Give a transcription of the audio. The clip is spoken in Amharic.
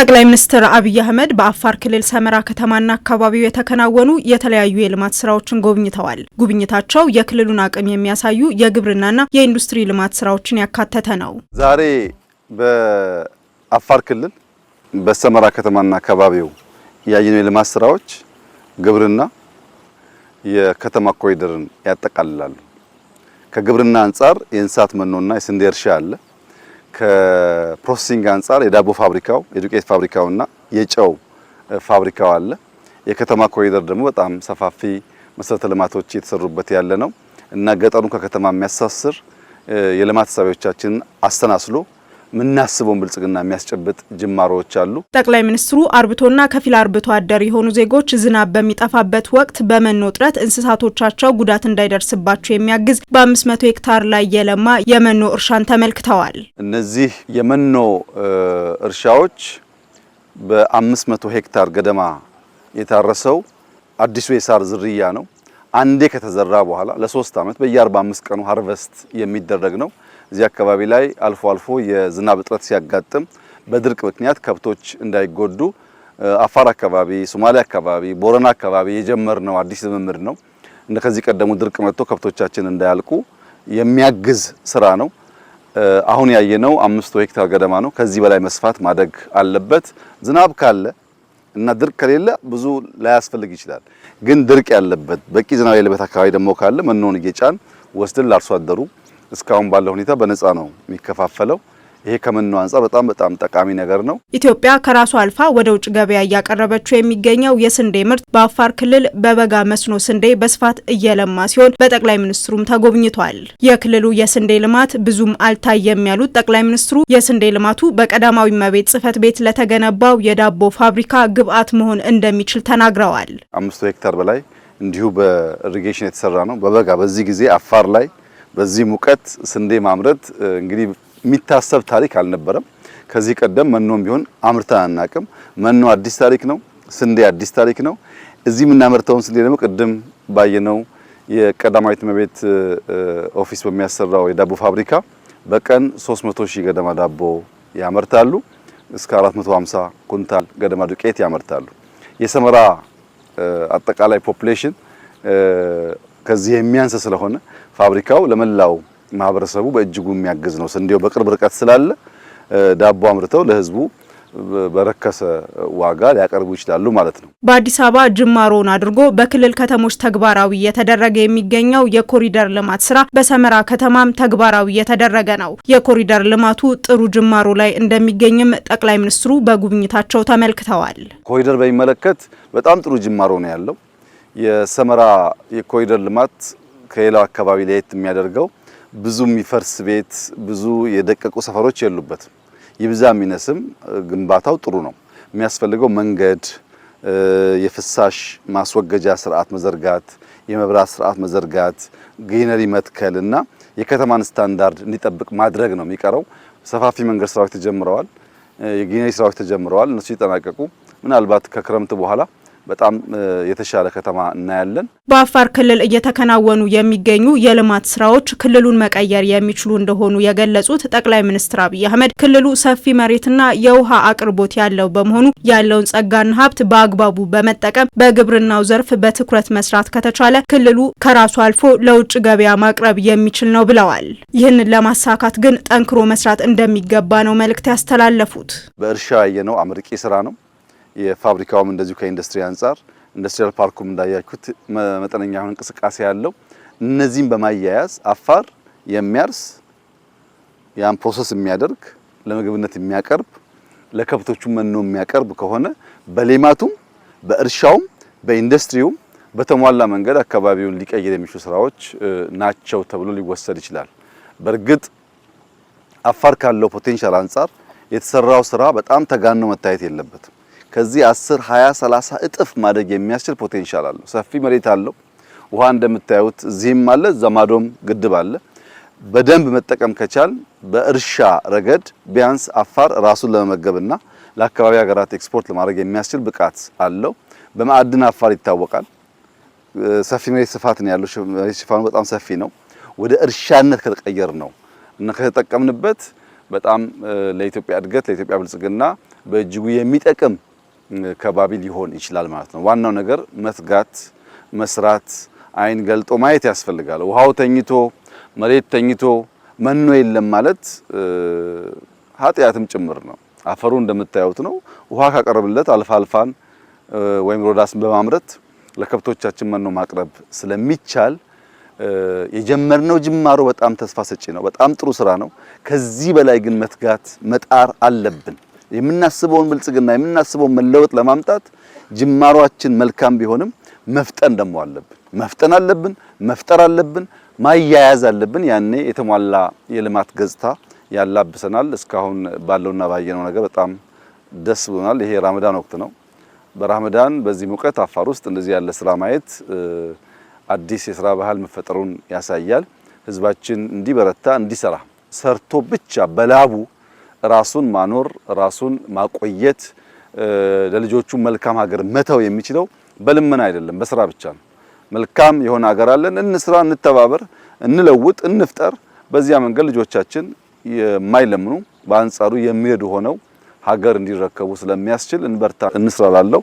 ጠቅላይ ሚኒስትር አብይ አህመድ በአፋር ክልል ሰመራ ከተማና አካባቢው የተከናወኑ የተለያዩ የልማት ስራዎችን ጎብኝተዋል። ጉብኝታቸው የክልሉን አቅም የሚያሳዩ የግብርናና የኢንዱስትሪ ልማት ስራዎችን ያካተተ ነው። ዛሬ በአፋር ክልል በሰመራ ከተማና አካባቢው ያየነው የልማት ስራዎች ግብርና፣ የከተማ ኮሪደርን ያጠቃልላሉ። ከግብርና አንጻር የእንስሳት መኖና የስንዴ እርሻ አለ። ከፕሮሰሲንግ አንጻር የዳቦ ፋብሪካው የዱቄት ፋብሪካውና የጨው ፋብሪካው አለ። የከተማ ኮሪደር ደግሞ በጣም ሰፋፊ መሰረተ ልማቶች የተሰሩበት ያለ ነው እና ገጠሩን ከከተማ የሚያሳስር የልማት ሳቢዎቻችንን አስተናስሎ ምናስበውን ብልጽግና የሚያስጨብጥ ጅማሮዎች አሉ። ጠቅላይ ሚኒስትሩ አርብቶና ከፊል አርብቶ አደር የሆኑ ዜጎች ዝናብ በሚጠፋበት ወቅት በመኖ እጥረት እንስሳቶቻቸው ጉዳት እንዳይደርስባቸው የሚያግዝ በ500 ሄክታር ላይ የለማ የመኖ እርሻን ተመልክተዋል። እነዚህ የመኖ እርሻዎች በ500 ሄክታር ገደማ የታረሰው አዲሱ የሳር ዝርያ ነው። አንዴ ከተዘራ በኋላ ለሶስት ዓመት በየ45 ቀኑ ሃርቨስት የሚደረግ ነው። እዚህ አካባቢ ላይ አልፎ አልፎ የዝናብ እጥረት ሲያጋጥም በድርቅ ምክንያት ከብቶች እንዳይጎዱ አፋር አካባቢ፣ ሶማሌ አካባቢ፣ ቦረና አካባቢ የጀመርነው አዲስ ልምምድ ነው። እንደ ከዚህ ቀደሙ ድርቅ መጥቶ ከብቶቻችን እንዳያልቁ የሚያግዝ ስራ ነው። አሁን ያየነው አምስት ሄክታር ገደማ ነው። ከዚህ በላይ መስፋት ማደግ አለበት። ዝናብ ካለ እና ድርቅ ከሌለ ብዙ ላያስፈልግ ይችላል። ግን ድርቅ ያለበት በቂ ዝናብ ያለበት አካባቢ ደግሞ ካለ መኖን እየጫን ወስድን ላርሶ አደሩ እስካሁን ባለው ሁኔታ በነፃ ነው የሚከፋፈለው። ይሄ ከመኖ አንጻር በጣም በጣም ጠቃሚ ነገር ነው። ኢትዮጵያ ከራሷ አልፋ ወደ ውጭ ገበያ እያቀረበችው የሚገኘው የስንዴ ምርት በአፋር ክልል በበጋ መስኖ ስንዴ በስፋት እየለማ ሲሆን በጠቅላይ ሚኒስትሩም ተጎብኝቷል። የክልሉ የስንዴ ልማት ብዙም አልታየም ያሉት ጠቅላይ ሚኒስትሩ የስንዴ ልማቱ በቀዳማዊ እመቤት ጽሕፈት ቤት ለተገነባው የዳቦ ፋብሪካ ግብዓት መሆን እንደሚችል ተናግረዋል። አምስቱ ሄክታር በላይ እንዲሁ በኢሪጌሽን የተሰራ ነው። በበጋ በዚህ ጊዜ አፋር ላይ በዚህ ሙቀት ስንዴ ማምረት እንግዲህ የሚታሰብ ታሪክ አልነበረም። ከዚህ ቀደም መኖም ቢሆን አምርተን አናቅም። መኖ አዲስ ታሪክ ነው። ስንዴ አዲስ ታሪክ ነው። እዚህ የምናመርተውን ስንዴ ደግሞ ቅድም ባየነው የቀዳማዊት እመቤት ኦፊስ በሚያሰራው የዳቦ ፋብሪካ በቀን 300 ሺህ ገደማ ዳቦ ያመርታሉ። እስከ 450 ኩንታል ገደማ ዱቄት ያመርታሉ። የሰመራ አጠቃላይ ፖፕሌሽን ከዚህ የሚያንስ ስለሆነ ፋብሪካው ለመላው ማህበረሰቡ በእጅጉ የሚያግዝ ነው። ስንዴው በቅርብ ርቀት ስላለ ዳቦ አምርተው ለህዝቡ በረከሰ ዋጋ ሊያቀርቡ ይችላሉ ማለት ነው። በአዲስ አበባ ጅማሮውን አድርጎ በክልል ከተሞች ተግባራዊ እየተደረገ የሚገኘው የኮሪደር ልማት ስራ በሰመራ ከተማም ተግባራዊ እየተደረገ ነው። የኮሪደር ልማቱ ጥሩ ጅማሮ ላይ እንደሚገኝም ጠቅላይ ሚኒስትሩ በጉብኝታቸው ተመልክተዋል። ኮሪደር በሚመለከት በጣም ጥሩ ጅማሮ ነው ያለው። የሰመራ የኮሪደር ልማት ከሌላው አካባቢ ለየት የሚያደርገው ብዙ የሚፈርስ ቤት፣ ብዙ የደቀቁ ሰፈሮች የሉበትም። ይብዛ የሚነስም ግንባታው ጥሩ ነው። የሚያስፈልገው መንገድ፣ የፍሳሽ ማስወገጃ ስርዓት መዘርጋት፣ የመብራት ስርዓት መዘርጋት፣ ግሪነሪ መትከል እና የከተማን ስታንዳርድ እንዲጠብቅ ማድረግ ነው የሚቀረው። ሰፋፊ መንገድ ስራዎች ተጀምረዋል። የግሪነሪ ስራዎች ተጀምረዋል። እነሱ ይጠናቀቁ ምናልባት ከክረምት በኋላ በጣም የተሻለ ከተማ እናያለን። በአፋር ክልል እየተከናወኑ የሚገኙ የልማት ስራዎች ክልሉን መቀየር የሚችሉ እንደሆኑ የገለጹት ጠቅላይ ሚኒስትር አብይ አህመድ ክልሉ ሰፊ መሬትና የውሃ አቅርቦት ያለው በመሆኑ ያለውን ጸጋና ሀብት በአግባቡ በመጠቀም በግብርናው ዘርፍ በትኩረት መስራት ከተቻለ ክልሉ ከራሱ አልፎ ለውጭ ገበያ ማቅረብ የሚችል ነው ብለዋል። ይህንን ለማሳካት ግን ጠንክሮ መስራት እንደሚገባ ነው መልእክት ያስተላለፉት። በእርሻ ያየነው አመርቂ ስራ ነው። የፋብሪካውም እንደዚሁ ከኢንዱስትሪ አንጻር ኢንዱስትሪያል ፓርኩም እንዳያችሁት መጠነኛ አሁን እንቅስቃሴ ያለው እነዚህም በማያያዝ አፋር የሚያርስ ያን ፕሮሰስ የሚያደርግ ለምግብነት የሚያቀርብ ለከብቶቹ መኖ የሚያቀርብ ከሆነ በሌማቱም በእርሻውም በኢንዱስትሪውም በተሟላ መንገድ አካባቢውን ሊቀይር የሚችሉ ስራዎች ናቸው ተብሎ ሊወሰድ ይችላል። በእርግጥ አፋር ካለው ፖቴንሻል አንጻር የተሰራው ስራ በጣም ተጋኖ መታየት የለበትም። ከዚህ 10 20 30 እጥፍ ማደግ የሚያስችል ፖቴንሻል አለው። ሰፊ መሬት አለው። ውሃ እንደምታዩት እዚህም አለ፣ ዘማዶም ግድብ አለ። በደንብ መጠቀም ከቻል በእርሻ ረገድ ቢያንስ አፋር ራሱን ለመመገብና ለአካባቢ ሀገራት ኤክስፖርት ለማድረግ የሚያስችል ብቃት አለው። በማዕድን አፋር ይታወቃል። ሰፊ መሬት ስፋት ነው ያለው። መሬት ሽፋኑ በጣም ሰፊ ነው። ወደ እርሻነት ከተቀየር ነው እና ከተጠቀምንበት በጣም ለኢትዮጵያ እድገት ለኢትዮጵያ ብልጽግና በእጅጉ የሚጠቅም ከባቢ ሊሆን ይችላል ማለት ነው። ዋናው ነገር መትጋት፣ መስራት፣ አይን ገልጦ ማየት ያስፈልጋል። ውሃው ተኝቶ መሬት ተኝቶ መኖ የለም ማለት ኃጢአትም ጭምር ነው። አፈሩ እንደምታዩት ነው። ውሃ ካቀረብለት አልፋልፋን ወይም ሮዳስን በማምረት ለከብቶቻችን መኖ ማቅረብ ስለሚቻል የጀመርነው ጅማሮ በጣም ተስፋ ሰጪ ነው። በጣም ጥሩ ስራ ነው። ከዚህ በላይ ግን መትጋት መጣር አለብን። የምናስበውን ብልጽግና የምናስበውን መለወጥ ለማምጣት ጅማሯችን መልካም ቢሆንም መፍጠን ደግሞ አለብን። መፍጠን አለብን፣ መፍጠር አለብን፣ ማያያዝ አለብን። ያኔ የተሟላ የልማት ገጽታ ያላብሰናል። እስካሁን ባለውና ባየነው ነገር በጣም ደስ ብሎናል። ይሄ ራመዳን ወቅት ነው። በራመዳን በዚህ ሙቀት አፋር ውስጥ እንደዚህ ያለ ስራ ማየት አዲስ የስራ ባህል መፈጠሩን ያሳያል። ህዝባችን እንዲበረታ እንዲሰራ ሰርቶ ብቻ በላቡ ራሱን ማኖር ራሱን ማቆየት ለልጆቹ መልካም ሀገር መተው የሚችለው በልመና አይደለም፣ በስራ ብቻ ነው። መልካም የሆነ ሀገር አለን፣ እንስራ፣ እንተባበር፣ እንለውጥ፣ እንፍጠር። በዚያ መንገድ ልጆቻችን የማይለምኑ በአንጻሩ የሚሄዱ ሆነው ሀገር እንዲረከቡ ስለሚያስችል እንበርታ፣ እንስራ ላለው